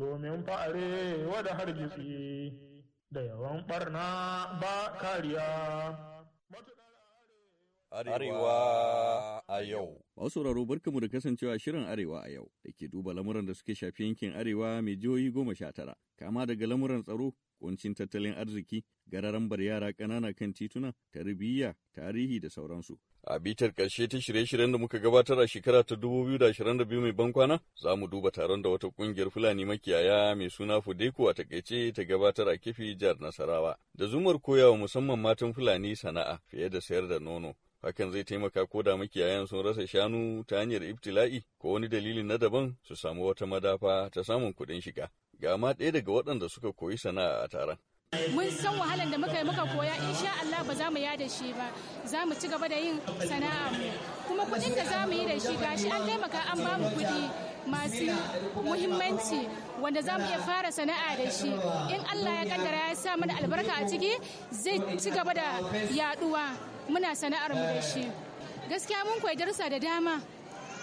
domin fa'are wadda hargitsi da yawan ɓarna ba kariya. Arewa a yau. Masu sauraro barkamu da kasancewa shirin Arewa a yau da ke duba lamuran da suke shafi yankin Arewa mai jihohi goma sha tara, kama daga lamuran tsaro, kuncin tattalin arziki, gararan bar yara ƙanana kan tituna, tarbiyya, tarihi da sauransu. A bitar ƙarshe ta shirye-shiryen da muka gabatar a shekara ta 2022 mai bankwana, za mu duba taron da wata ƙungiyar Fulani makiyaya mai suna Fudeko a takaice ta gabatar a kifi jihar Nasarawa, da zumar koyawa musamman matan Fulani sana'a fiye da sayar da nono. Hakan zai taimaka ko da makiyayan sun rasa shanu ta hanyar ibtila'i ko wani dalili na daban su samu wata madafa ta samun kuɗin shiga. Ga ma ɗaya daga waɗanda suka koyi sana'a a taron. Mun san wahalar da muka yi muka koya insha Allah ba za mu yada shi ba za mu ci gaba da yin sana'a mu kuma kuɗin da za mu yi da shi ga shi an taimaka an ba mu kuɗi masu muhimmanci wanda za mu iya fara sana'a da shi in Allah ya kaddara ya sa mana albarka a ciki zai ci gaba da yaduwa muna sana'ar mu da shi gaskiya mun koyi darussa da dama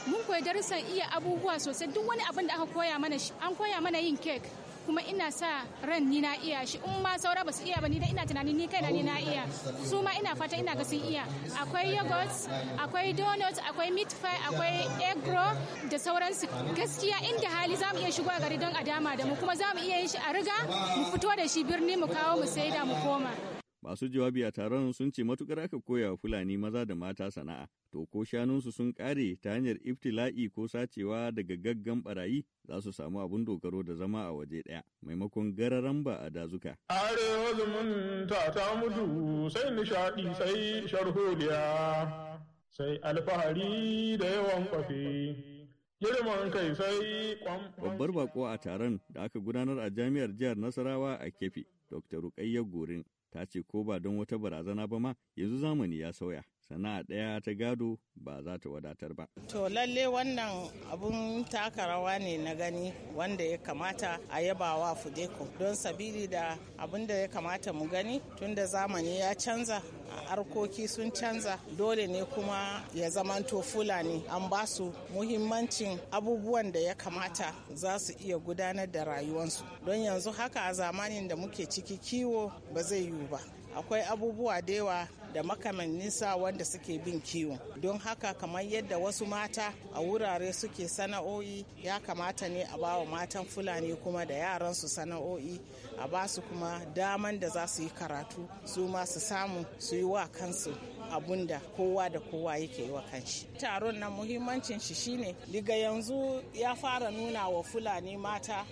mun koyi darussan iya abubuwa sosai duk wani abin da aka koya mana shi an koya mana yin kek kuma ina sa ran ni na iya shi in ma saura basu iya ba ni dai ina tunanin ni kai na ni na iya su ma ina fata ina ga sun iya akwai yogurt akwai donut akwai meat pie akwai egg roll da sauransu gaskiya inda hali za mu iya shigo a gari don a dama da mu kuma za mu iya yin shi a riga mu fito da shi birni mu kawo mu saida mu koma Masu jawabi a taron sun ce matukar aka koya wa Fulani maza da mata sana'a, to ko shanunsu sun ƙare ta hanyar iftila'i ko sacewa daga gaggan barayi za su samu abun dogaro da zama a waje ɗaya maimakon gararan ba a dazuka. Arewa ta mutu sai nishaɗi sai sharholiya sai alfahari da yawan kwafe. Girman kai sai Babbar bako a taron da aka gudanar a jami'ar jihar Nasarawa a Kefi, Dr. Rukayya Gorin ta ce ko ba don wata barazana ba ma yanzu zamani ya sauya sana'a ɗaya ta gado ba za ta wadatar ba. To lalle wannan abun taka rawa ne na gani wanda ya kamata a yabawa wa Fudeko don sabili da abun da ya kamata mu gani tunda zamani ya canza harkoki sun canza dole ne kuma ya zamanto fulani an ba su muhimmancin abubuwan da ya kamata za su iya gudanar da rayuwansu don yanzu haka a zamanin da muke ciki kiwo ba zai yiwu ba akwai abubuwa da yawa da makamanninsa wanda suke bin kiwo don haka kamar yadda wasu mata a wurare suke sana'o'i ya kamata ne a bawa matan fulani kuma da yaransu sana'o'i a ba su kuma daman da za su yi karatu su ma su samu su yi wa kansu abun da kowa da kowa yake yi wa kanshi taron nan muhimmancin shi shine daga yanzu ya fara nuna wa fulani mata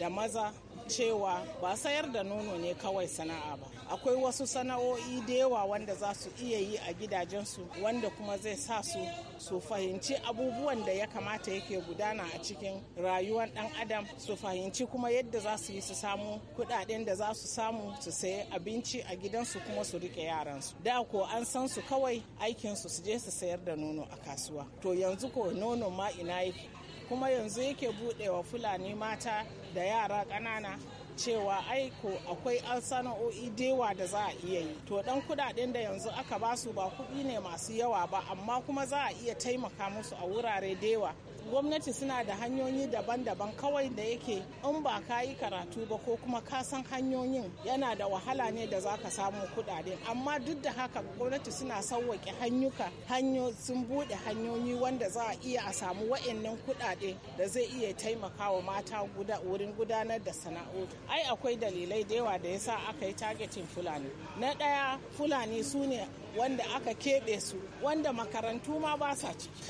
da maza cewa ba sayar da nono ne kawai sana'a ba akwai wasu sana'o'i da yawa wanda za su iya yi a gidajensu wanda kuma zai sa su su fahimci abubuwan da ya kamata yake gudana a cikin rayuwar dan adam su fahimci kuma yadda za su yi su samu kudaden da za su samu su sayi abinci a gidansu kuma su rike yaransu da ko an san su kawai aikinsu su je su sayar da nono a kasuwa to yanzu ko nono ma ina yake kuma yanzu yake wa fulani mata da yara kanana cewa aiko akwai sana'o'i dewa da za a iya yi to dan kudaden da yanzu aka basu ba kuɗi ne masu yawa ba amma kuma za a iya taimaka musu a wurare dewa gwamnati suna da hanyoyi daban-daban kawai da yake in ba ka yi karatu ba ko kuma ka san hanyoyin yana da wahala ne da za ka samu kudade amma duk da haka gwamnati suna sauwaƙe hanyuka hanyo sun buɗe hanyoyi wanda za a iya a samu wa'annan kudade da zai iya taimakawa mata guda wurin gudanar da sana'o'i ai akwai dalilai da yawa da yasa aka yi targeting fulani na ɗaya fulani su ne wanda aka keɓe su wanda makarantu ma ba sa ciki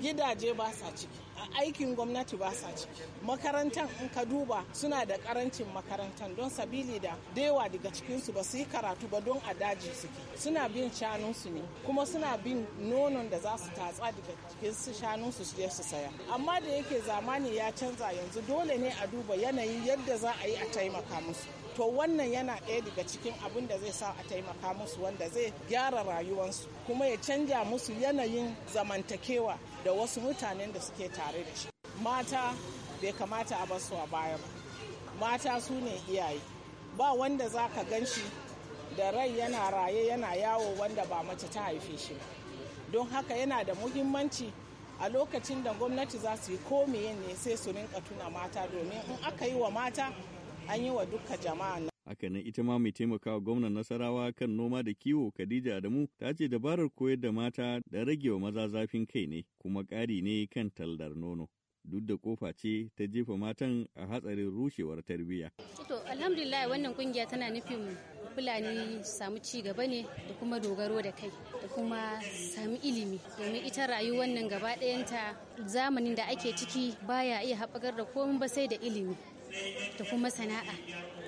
gidaje ba sa ciki aikin gwamnati ba sa ciki makarantar in ka duba suna da karancin makarantar don sabili da yawa daga cikinsu ba su yi karatu ba don a daji suke suna bin shanunsu ne kuma suna bin nonon da za su tatsa daga cikin shanunsu su je su saya amma da yake zamani ya canza yanzu dole ne a duba yanayin yadda za a yi a taimaka musu to wannan yana ɗaya daga cikin abin da zai sa a taimaka musu wanda zai gyara rayuwarsu kuma ya canja musu yanayin zamantakewa da wasu mutanen da suke tare da shi mata bai kamata a basu a baya ba mata su ne iyaye ba wanda za ka gan shi da rai yana raye yana yawo wanda ba mace ta haife shi ba don haka yana da muhimmanci a lokacin da gwamnati za su yi komiye ne sai su rinka tuna mata domin in aka yi wa mata an yi wa dukkan jama'a Haka nan ita ma mai taimakawa gwamnan Nasarawa kan noma da kiwo Khadija Adamu ta ce dabarar koyar da mata da ragewa maza zafin kai ne kuma ƙari ne kan tallar nono. duk da kofa ce ta jefa matan a hatsarin rushewar tarbiyya. To alhamdulillah wannan kungiya tana nufin Fulani samu ci gaba ne da kuma dogaro da kai da kuma samu ilimi domin ita rayuwar nan gaba ɗayanta zamanin da ake ciki baya iya haɓakar da komai ba sai da ilimi da kuma sana'a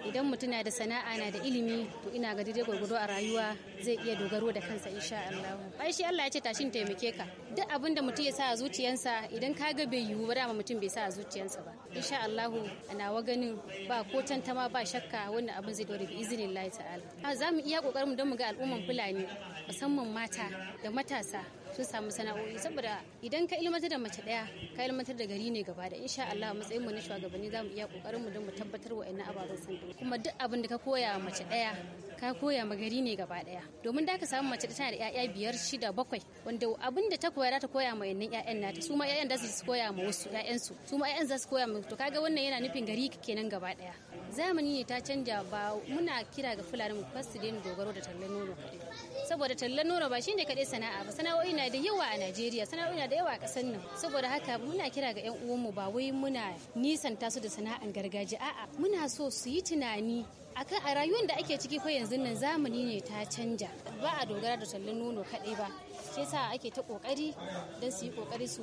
idan mutum na da sana'a na da ilimi to ina ga daidai gwargwado a rayuwa zai iya dogaro da kansa insha Allah bai shi Allah ya ce tashin taimake ka duk abin da mutum ya sa a zuciyarsa idan ka ga bai yiwu ba dama mutum bai sa a zuciyarsa ba insha Allahu nawa ganin ba ko tantama ba shakka wani abin zai dore bi izinin Allah ta'ala za mu iya kokarin mu don mu ga al'umman Fulani musamman mata da matasa sun samu sana'o'i saboda idan ka ilmantar da mace daya ka ilmantar da gari ne gaba da insha Allah matsayin mu na shugabanni za mu iya kokarin mu don mu tabbatar wa ina ababen sun kuma duk abin da ka koya mace daya ka koya ma gari ne gaba daya domin da ka samu mace tana da 'ya'ya biyar shida bakwai wanda abin da ta koya za ta koya ma yannan 'ya'yan nata su ma 'ya'yan da su koya ma wasu 'ya'yan su ma 'ya'yan za su koya ma to kaga wannan yana nufin gari kenan gaba daya zamani ne ta canja ba muna kira ga fulani mu fasu daina dogaro da tallan nono kaɗai saboda tallan nono ba shine kaɗai sana'a ba sana'o'i na da yawa a Najeriya sana'o'i na da yawa a ƙasar nan saboda haka muna kira ga ƴan uwanmu ba wai muna nisanta su da sana'an gargajiya a'a muna so su yi tunani akan a rayuwar da ake ciki ko yanzu nan zamani ne ta canja ba a dogara da tallan nono kaɗai ba shi yasa ake ta kokari don su yi kokari su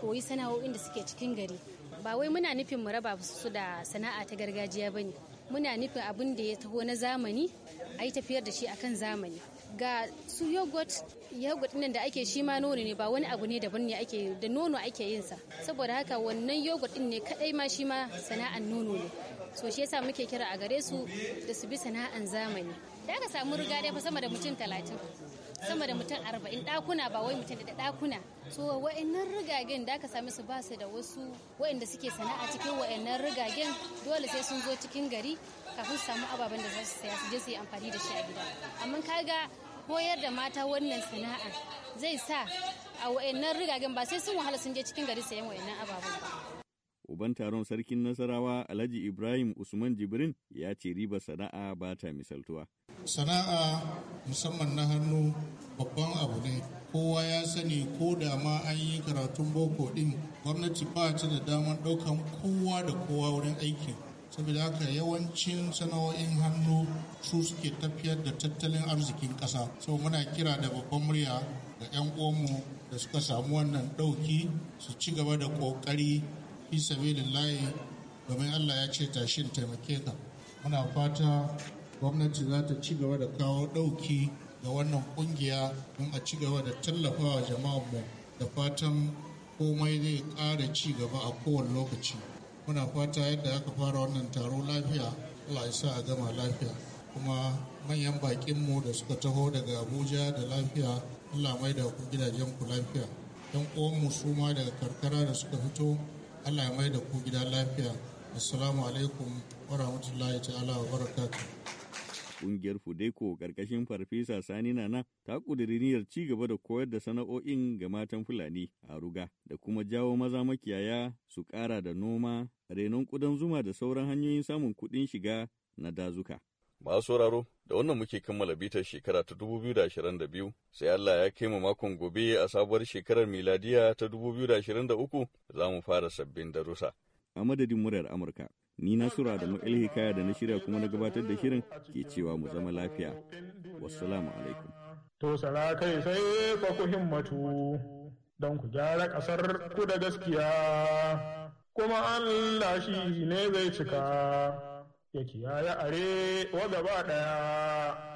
koyi sana'o'in da suke cikin gari ba wai muna nufin mu raba su da sana'a ta gargajiya ba ne muna nufin abin da ya taho na zamani a yi tafiyar da shi akan zamani ga su yogurt yogurt nan da ake shi ma nono ne ba wani abu ne daban ne ake da nono ake yin sa saboda haka wannan yogurt din ne kadai ma shi ma sana'an nono ne so shi yasa muke kira a gare su da su bi sana'an zamani da aka samu riga dai fa sama da mutum talatin sama da mutum arba'in ɗakuna ba wai mutum da ɗakuna so wa'annan rigagen da aka sami su ba su da wasu wa'anda suke sana'a cikin wa'annan rigagen dole sai sun zo cikin gari kafin su samu ababen da za su saya su je su yi amfani da shi a gida amma kaga koyar da mata wannan sana'a zai sa a wa'annan rigagen ba sai sun wahala sun je cikin gari sayan wa'annan ababen ba uban taron sarkin nasarawa alhaji ibrahim usman jibrin ya ce riba sana'a ba ta misaltuwa sana'a musamman na hannu babban abu ne kowa ya sani ko da ma an yi karatun boko din gwamnati ba ta da damar ɗaukan kowa da kowa wurin aiki. saboda haka yawancin sana'o'in hannu su suke tafiyar da tattalin arzikin ƙasa sau muna kira da babban murya ga 'yan uwanmu da suka samu wannan ɗauki su ci gaba da ƙoƙari fi layi, domin allah ya ce tashin taimake ka muna fata gwamnati za ta ci gaba da kawo ɗauki ga wannan ƙungiya don a ci gaba da tallafawa mu da fatan komai zai ƙara ci gaba a kowane lokaci muna fata yadda aka fara wannan taro lafiya allah ya sa a gama lafiya kuma manyan baƙinmu da suka taho daga abuja da lafiya allah mai da ku gidajen ku lafiya yan uwanmu su ma daga karkara da suka fito allah ya mai da ku gida lafiya assalamu alaikum wa rahmatullahi ta'ala wa barakatuh Ƙungiyar Fudeko ƙarƙashin Farfesa Sani Nana ta ƙudiri niyyar ci gaba da koyar da sana'o'in ga matan Fulani a Ruga da kuma jawo maza makiyaya su ƙara da noma, renon ƙudan zuma da sauran hanyoyin samun kuɗin shiga na dazuka. Masu sauraro, da wannan muke kammala bitar shekara ta 2022, sai Allah ya kai mu makon gobe a sabuwar shekarar miladiya ta 2023 za mu fara sabbin darussa. A madadin muryar Amurka, Ni na sura da makal hikaya da na shirya kuma na gabatar da shirin ke cewa mu zama lafiya. Wassalamu alaikum. To kai sai fa ku himmatu don ku gyara ƙasar ku da gaskiya. Kuma Allah shi ne zai cika, ya kiyaye are wa gaba ɗaya.